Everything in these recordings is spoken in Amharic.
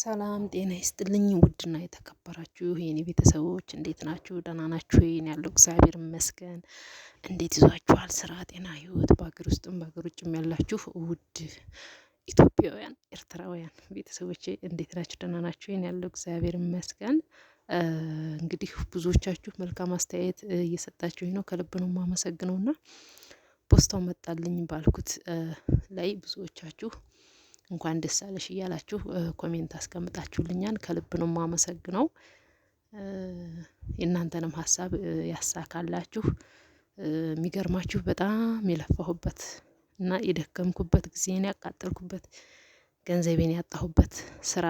ሰላም ጤና ይስጥልኝ። ውድና የተከበራችሁ የኔ ቤተሰቦች እንዴት ናችሁ? ደህና ናችሁ? ይህን ያለው እግዚአብሔር ይመስገን። እንዴት ይዟችኋል? ስራ፣ ጤና፣ ህይወት በሀገር ውስጥም በሀገር ውጭም ያላችሁ ውድ ኢትዮጵያውያን፣ ኤርትራውያን ቤተሰቦች እንዴት ናችሁ? ደህና ናችሁ? ይህን ያለው እግዚአብሔር ይመስገን። እንግዲህ ብዙዎቻችሁ መልካም አስተያየት እየሰጣችሁ ነው። ከልብ ነው ና ፖስታው መጣልኝ ባልኩት ላይ ብዙዎቻችሁ እንኳን ደስ አለሽ እያላችሁ ኮሜንት አስቀምጣችሁልኛል። ከልብ ነው የማመሰግነው። የእናንተንም ሀሳብ ያሳካላችሁ። የሚገርማችሁ በጣም የለፋሁበት እና የደከምኩበት ጊዜን ያቃጠልኩበት ገንዘቤን ያጣሁበት ስራ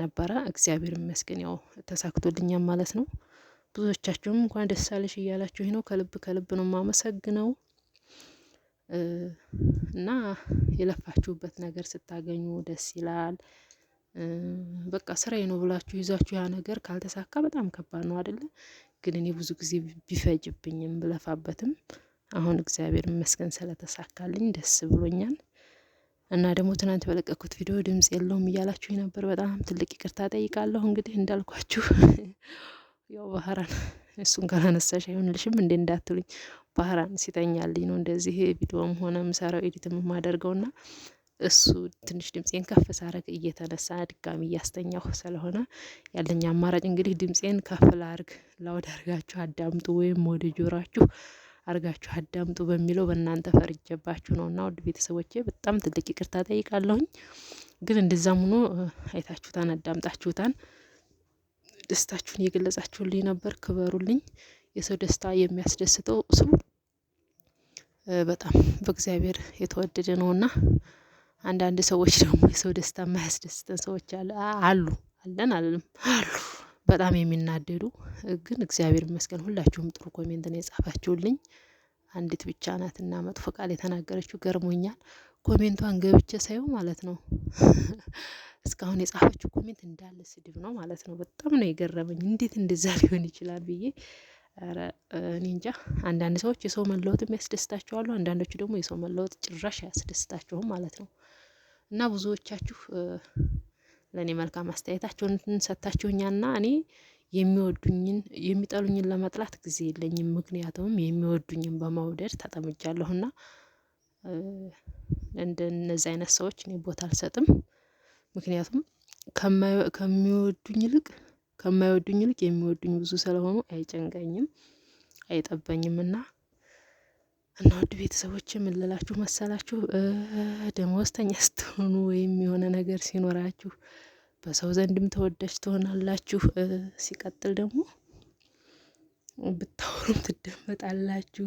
ነበረ። እግዚአብሔር ይመስገን ያው ተሳክቶልኛል ማለት ነው። ብዙዎቻችሁም እንኳን ደስ አለሽ እያላችሁ ነው። ከልብ ከልብ ነው የማመሰግነው። እና የለፋችሁበት ነገር ስታገኙ ደስ ይላል። በቃ ስራዬ ነው ብላችሁ ይዛችሁ ያ ነገር ካልተሳካ በጣም ከባድ ነው አይደለ? ግን እኔ ብዙ ጊዜ ቢፈጅብኝም ብለፋበትም አሁን እግዚአብሔር ይመስገን ስለተሳካልኝ ደስ ብሎኛል። እና ደግሞ ትናንት በለቀኩት ቪዲዮ ድምጽ የለውም እያላችሁ ነበር። በጣም ትልቅ ይቅርታ ጠይቃለሁ። እንግዲህ እንዳልኳችሁ ያው ባህራን እሱን ካላነሳሽ አይሆንልሽም እንዴ እንዳትሉኝ፣ ባህራን ሲተኛልኝ ነው እንደዚህ ቪዲዮም ሆነ ምሰራው ኤዲት የማደርገውና እሱ ትንሽ ድምፄን ከፍ ሳረግ እየተነሳ ድጋሚ እያስተኛሁ ስለሆነ ያለኝ አማራጭ እንግዲህ ድምፄን ከፍ ላርግ፣ ላውድ አርጋችሁ አዳምጡ ወይም ወደ ጆራችሁ አርጋችሁ አዳምጡ በሚለው በእናንተ ፈርጀባችሁ ነው። እና ውድ ቤተሰቦቼ በጣም ትልቅ ይቅርታ ጠይቃለሁኝ። ግን እንደዛም ሆኖ አይታችሁታን አዳምጣችሁታን ደስታችሁን እየገለጻችሁልኝ ነበር። ክበሩልኝ። የሰው ደስታ የሚያስደስተው ሰው በጣም በእግዚአብሔር የተወደደ ነውና አንዳንድ ሰዎች ደግሞ የሰው ደስታ የማያስደስተን ሰዎች አሉ። አለን አለንም አሉ በጣም የሚናደዱ ግን እግዚአብሔር ይመስገን ሁላችሁም ጥሩ ኮሜንት ነው የጻፋችሁልኝ። አንዲት ብቻ እና መጥፎ ቃል የተናገረችው ገርሞኛል። ኮሜንቷን ገብቼ ሳየው ማለት ነው እስካሁን የጻፈችው ኮሜንት እንዳለ ስድብ ነው ማለት ነው። በጣም ነው የገረመኝ። እንዴት እንደዛ ሊሆን ይችላል ብዬ እኔ እንጃ። አንዳንድ ሰዎች የሰው መለወጥም ያስደስታቸዋሉ፣ አንዳንዶቹ ደግሞ የሰው መለወጥ ጭራሽ አያስደስታቸውም ማለት ነው። እና ብዙዎቻችሁ ለእኔ መልካም አስተያየታችሁን ሰጥታችሁኛና እኔ የሚወዱኝን የሚጠሉኝን ለመጥላት ጊዜ የለኝም። ምክንያቱም የሚወዱኝን በመውደድ ተጠምጃለሁና እንደነዚህ አይነት ሰዎች እኔ ቦታ አልሰጥም። ምክንያቱም ከሚወዱኝ ይልቅ ከማይወዱኝ ይልቅ የሚወዱኝ ብዙ ስለሆኑ አይጨንቀኝም አይጠበኝም እና እና ውድ ቤተሰቦች የምልላችሁ መሰላችሁ ደመወዝተኛ ስትሆኑ ወይም የሆነ ነገር ሲኖራችሁ በሰው ዘንድም ተወዳጅ ትሆናላችሁ። ሲቀጥል ደግሞ ብታወሩም ትደመጣላችሁ፣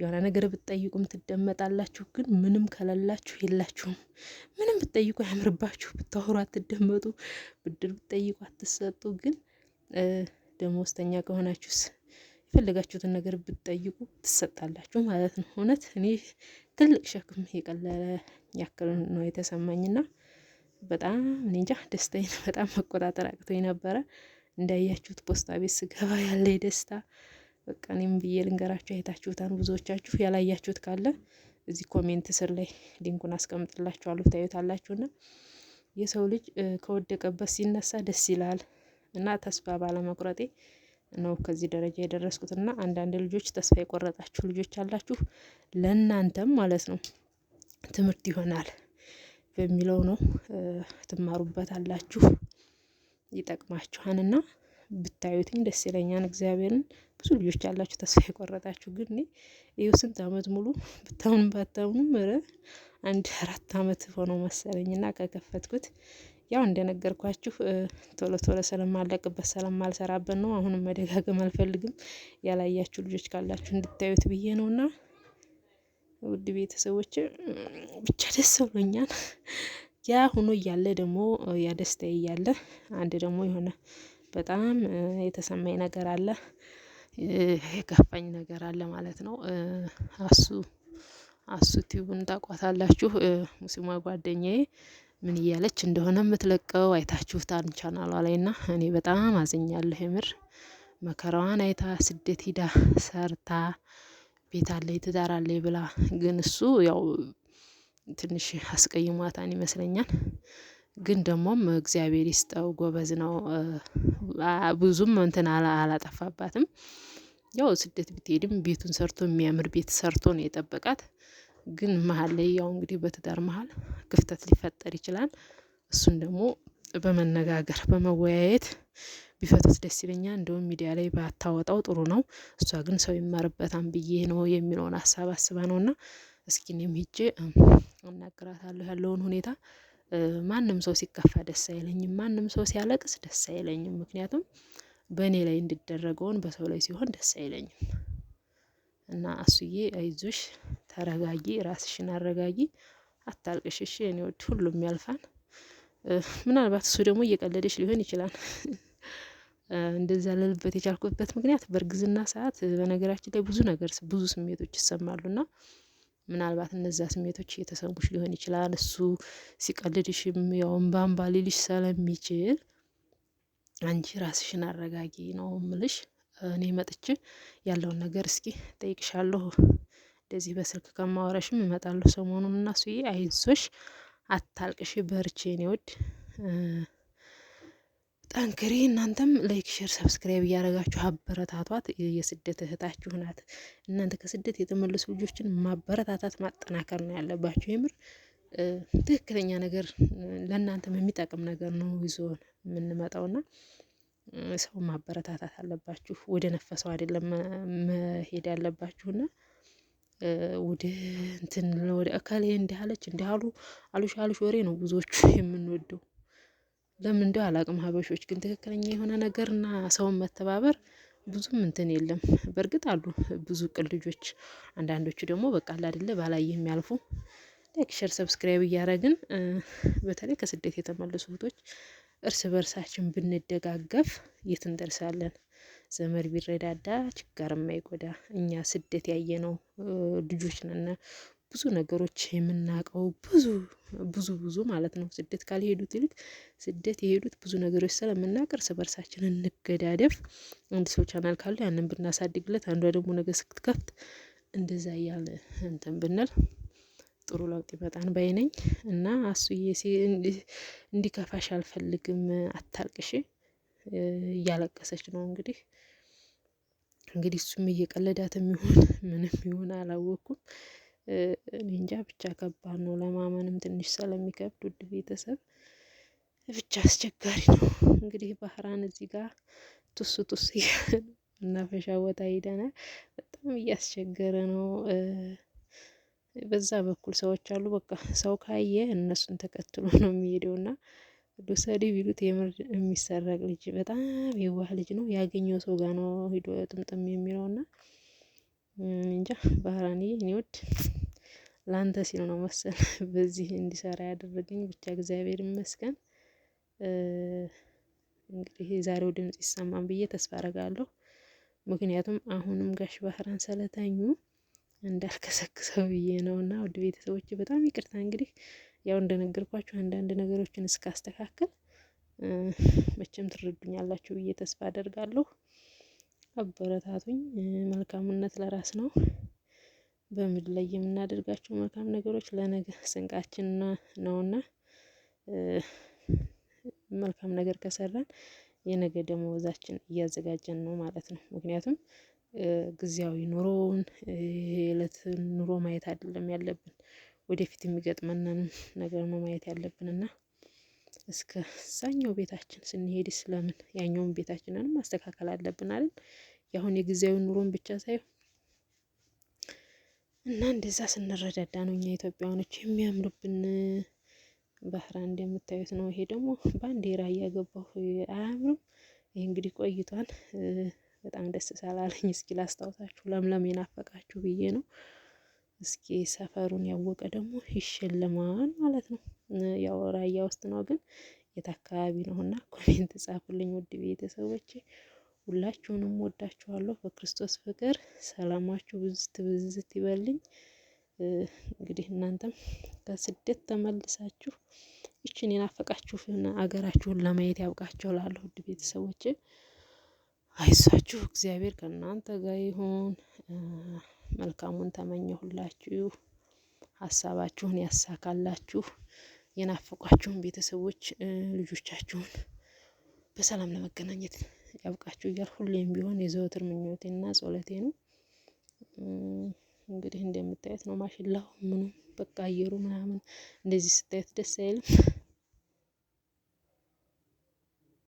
የሆነ ነገር ብትጠይቁም ትደመጣላችሁ። ግን ምንም ከሌላችሁ የላችሁም። ምንም ብትጠይቁ አያምርባችሁ፣ ብታወሩ አትደመጡ፣ ብድር ብትጠይቁ አትሰጡ። ግን ደሞዝተኛ ከሆናችሁስ የፈለጋችሁትን ነገር ብትጠይቁ ትሰጣላችሁ ማለት ነው። እውነት እኔ ትልቅ ሸክም የቀለለ ያክል ነው የተሰማኝና በጣም እኔ እንጃ ደስታዬን በጣም መቆጣጠር አቅቶኝ ነበረ። እንዳያችሁት ፖስታ ቤት ስገባ ያለ ደስታ በቃ እኔም ብዬ ልንገራችሁ። አይታችሁታን ብዙዎቻችሁ ያላያችሁት ካለ እዚህ ኮሜንት ስር ላይ ሊንኩን አስቀምጥላችኋለሁ ታዩታላችሁና የሰው ልጅ ከወደቀበት ሲነሳ ደስ ይላል እና ተስፋ ባለመቁረጤ ነው ከዚህ ደረጃ የደረስኩት። እና አንዳንድ ልጆች ተስፋ የቆረጣችሁ ልጆች አላችሁ፣ ለእናንተም ማለት ነው ትምህርት ይሆናል በሚለው ነው ትማሩበት አላችሁ። ይጠቅማችኋልና ብታዩትኝ ደስ ይለኛል። እግዚአብሔርን ብዙ ልጆች ያላችሁ ተስፋ የቆረጣችሁ ግን እኔ ይኸው ስንት አመት ሙሉ ብታምኑ ባታምኑም ኧረ አንድ አራት አመት ሆነው መሰለኝና ከከፈትኩት ያው እንደነገርኳችሁ ቶሎ ቶሎ ስለማለቅበት ስለማልሰራበት ነው። አሁንም መደጋገም አልፈልግም። ያላያችሁ ልጆች ካላችሁ እንድታዩት ብዬ እና ውድ ቤተሰቦች ብቻ ደስ ብሎኛል። ያ ሆኖ እያለ ደግሞ ያ ደስታ እያለ አንድ ደግሞ የሆነ በጣም የተሰማኝ ነገር አለ፣ የከፋኝ ነገር አለ ማለት ነው። አሱ አሱ ቲዩብን ታቋታላችሁ። ሙስሊሟ ጓደኛዬ ምን እያለች እንደሆነ የምትለቀው አይታችሁታን ቻናሏ ላይ ና እኔ በጣም አዝኛለሁ። የምር መከራዋን አይታ ስደት ሂዳ ሰርታ ቤት አለኝ ትዳር አለኝ ብላ ግን እሱ ያው ትንሽ አስቀይሟታን ይመስለኛል። ግን ደግሞም እግዚአብሔር ይስጠው ጎበዝ ነው። ብዙም እንትን አላጠፋባትም። ያው ስደት ብትሄድም ቤቱን ሰርቶ የሚያምር ቤት ሰርቶ ነው የጠበቃት። ግን መሀል ላይ ያው እንግዲህ በትዳር መሀል ክፍተት ሊፈጠር ይችላል። እሱን ደግሞ በመነጋገር በመወያየት ቢፈቱት ደስ ይለኛል። እንደውም ሚዲያ ላይ ባታወጣው ጥሩ ነው። እሷ ግን ሰው ይማርበታል ብዬ ነው የሚለውን ሀሳብ አስባ እና እስኪ እኔም ሄጄ እናገራታለሁ ያለውን ሁኔታ። ማንም ሰው ሲከፋ ደስ አይለኝም፣ ማንም ሰው ሲያለቅስ ደስ አይለኝም። ምክንያቱም በእኔ ላይ እንዲደረገውን በሰው ላይ ሲሆን ደስ አይለኝም። እና አሱዬ አይዞሽ፣ ተረጋጊ፣ ራስሽን አረጋጊ፣ አታልቅሽ እሺ የኔ ሁሉም ያልፋል። ምናልባት እሱ ደግሞ እየቀለደሽ ሊሆን ይችላል። እንደዛ ልልበት የቻልኩበት ምክንያት በእርግዝና ሰዓት በነገራችን ላይ ብዙ ነገር ብዙ ስሜቶች ይሰማሉና ምናልባት እነዛ ስሜቶች እየተሰሙሽ ሊሆን ይችላል። እሱ ሲቀልድሽም ያው እምባምባ ሊልሽ ስለሚችል አንቺ ራስሽን አረጋጊ ነው ምልሽ። እኔ መጥቼ ያለውን ነገር እስኪ ጠይቅሻለሁ። እንደዚህ በስልክ ከማወራሽም እመጣለሁ ሰሞኑን እና እሱዬ አይዞሽ፣ አታልቅሽ፣ በርቼ ኔ ወድ ጠንክሪ። እናንተም ላይክ፣ ሼር፣ ሰብስክራይብ እያደረጋችሁ አበረታቷት። የስደት እህታችሁ ናት። እናንተ ከስደት የተመለሱ ልጆችን ማበረታታት ማጠናከር ነው ያለባችሁ። የምር ትክክለኛ ነገር ለእናንተም የሚጠቅም ነገር ነው ይዞ የምንመጣውና ሰው ማበረታታት አለባችሁ። ወደ ነፈሰው አይደለም መሄድ ያለባችሁና ወደ እንትን ወደ እከሌ እንዲህ አለች እንዲህ አሉ አሉሽ አሉሽ ወሬ ነው ብዙዎቹ የምንወደው። ለምን እንደው አላቅም። ሀበሾች ግን ትክክለኛ የሆነ ነገርና ሰውን መተባበር ብዙም እንትን የለም። በእርግጥ አሉ ብዙ ቅል ልጆች፣ አንዳንዶቹ ደግሞ በቃ አይደለ ባላይ የሚያልፉ ላይክ፣ ሸር፣ ሰብስክራይብ እያረግን በተለይ ከስደት የተመለሱ እህቶች እርስ በርሳችን ብንደጋገፍ የት እንደርሳለን? ዘመድ ቢረዳዳ ችጋር የማይጎዳ እኛ ስደት ያየነው ልጆች ነን። ብዙ ነገሮች የምናውቀው ብዙ ብዙ ብዙ ማለት ነው። ስደት ካልሄዱት ይልቅ ስደት የሄዱት ብዙ ነገሮች ስለምናውቅ እርስ በርሳችን እንገዳደፍ። አንድ ሰው ቻናል ካሉ ያንን ብናሳድግለት፣ አንዷ ደግሞ ነገር ስትከፍት እንደዛ እያለ እንትን ብንል ጥሩ ለውጥ ይመጣን ባይ ነኝ እና አሱዬ እንዲከፋሽ አልፈልግም፣ አታልቅሽ እያለቀሰች ነው እንግዲህ እንግዲህ እሱም እየቀለዳትም ይሆን ምንም ይሆን አላወቅኩም። እንጃ ብቻ ከባድ ነው ለማመንም ትንሽ ስለሚከብድ ውድ ቤተሰብ ብቻ አስቸጋሪ ነው። እንግዲህ ባህራን እዚህ ጋር ቱሱ ቱስ መናፈሻ ቦታ ሄደናል። በጣም እያስቸገረ ነው። በዛ በኩል ሰዎች አሉ። በቃ ሰው ካየ እነሱን ተከትሎ ነው የሚሄደው እና ዱሰዲ ቢሉት የምር የሚሰረቅ ልጅ በጣም የዋህ ልጅ ነው። ያገኘው ሰው ጋር ነው ሂዶ ጥምጥም የሚለው እና እንጃ ባህራንዬ እኔ ውድ ላንተ ሲል ነው መሰል በዚህ እንዲሰራ ያደረገኝ። ብቻ እግዚአብሔር ይመስገን። እንግዲህ የዛሬው ድምጽ ይሰማን ብዬ ተስፋ አረጋለሁ። ምክንያቱም አሁንም ጋሽ ባህራን ስለተኙ እንዳልከሰክሰው ብዬ ነው እና ውድ ቤተሰቦች በጣም ይቅርታ። እንግዲህ ያው እንደነገርኳችሁ አንዳንድ ነገሮችን እስካስተካከል መቼም ትረዱኛላችሁ ብዬ ተስፋ አደርጋለሁ። አበረታቱኝ። መልካምነት ለራስ ነው። በምድር ላይ የምናደርጋቸው መልካም ነገሮች ለነገ ስንቃችን ነውና መልካም ነገር ከሰራን የነገ ደመወዛችን እያዘጋጀን ነው ማለት ነው። ምክንያቱም ጊዜያዊ ኑሮውን የዕለት ኑሮ ማየት አይደለም ያለብን ወደፊት የሚገጥመንን ነገር ነው ማየት ያለብን እና እስከ ሳኛው ቤታችን ስንሄድ ስለምን ያኛውን ቤታችንን ማስተካከል አለብን አይደል? ያሁን የጊዜያዊ ኑሮን ብቻ ሳይሆን እና እንደዛ ስንረዳዳ ነው እኛ ኢትዮጵያውያኖች የሚያምሩብን። ባህራ እንደምታዩት ነው። ይሄ ደግሞ ባንዲራ እያገባሁ አያምርም። ይህ እንግዲህ ቆይቷል። በጣም ደስ ሳላለኝ እስኪ ላስታውሳችሁ፣ ለምለም የናፈቃችሁ ብዬ ነው። እስኪ ሰፈሩን ያወቀ ደግሞ ይሸለማል ማለት ነው። ያው ራያ ውስጥ ነው ግን የት አካባቢ ነው እና ኮሜንት ጻፉልኝ ውድ ቤተሰቦቼ። ሁላችሁንም ወዳችኋለሁ። በክርስቶስ ፍቅር ሰላማችሁ ብዝት ብዝት ይበልኝ። እንግዲህ እናንተም ከስደት ተመልሳችሁ ይችን የናፈቃችሁን አገራችሁን ለማየት ያብቃችሁ። ላለሁ ውድ ቤተሰቦች አይሳችሁ፣ እግዚአብሔር ከእናንተ ጋር ይሁን። መልካሙን ተመኘሁላችሁ። ሀሳባችሁን ያሳካላችሁ። የናፈቋችሁን ቤተሰቦች ልጆቻችሁን በሰላም ለመገናኘት ያብቃችሁ እያል ሁሌም ቢሆን የዘወትር ምኞቴና ጸሎቴ ነው። እንግዲህ እንደምታዩት ነው ማሽላው ምኑ በቃ አየሩ ምናምን እንደዚህ ስታዩት ደስ አይልም?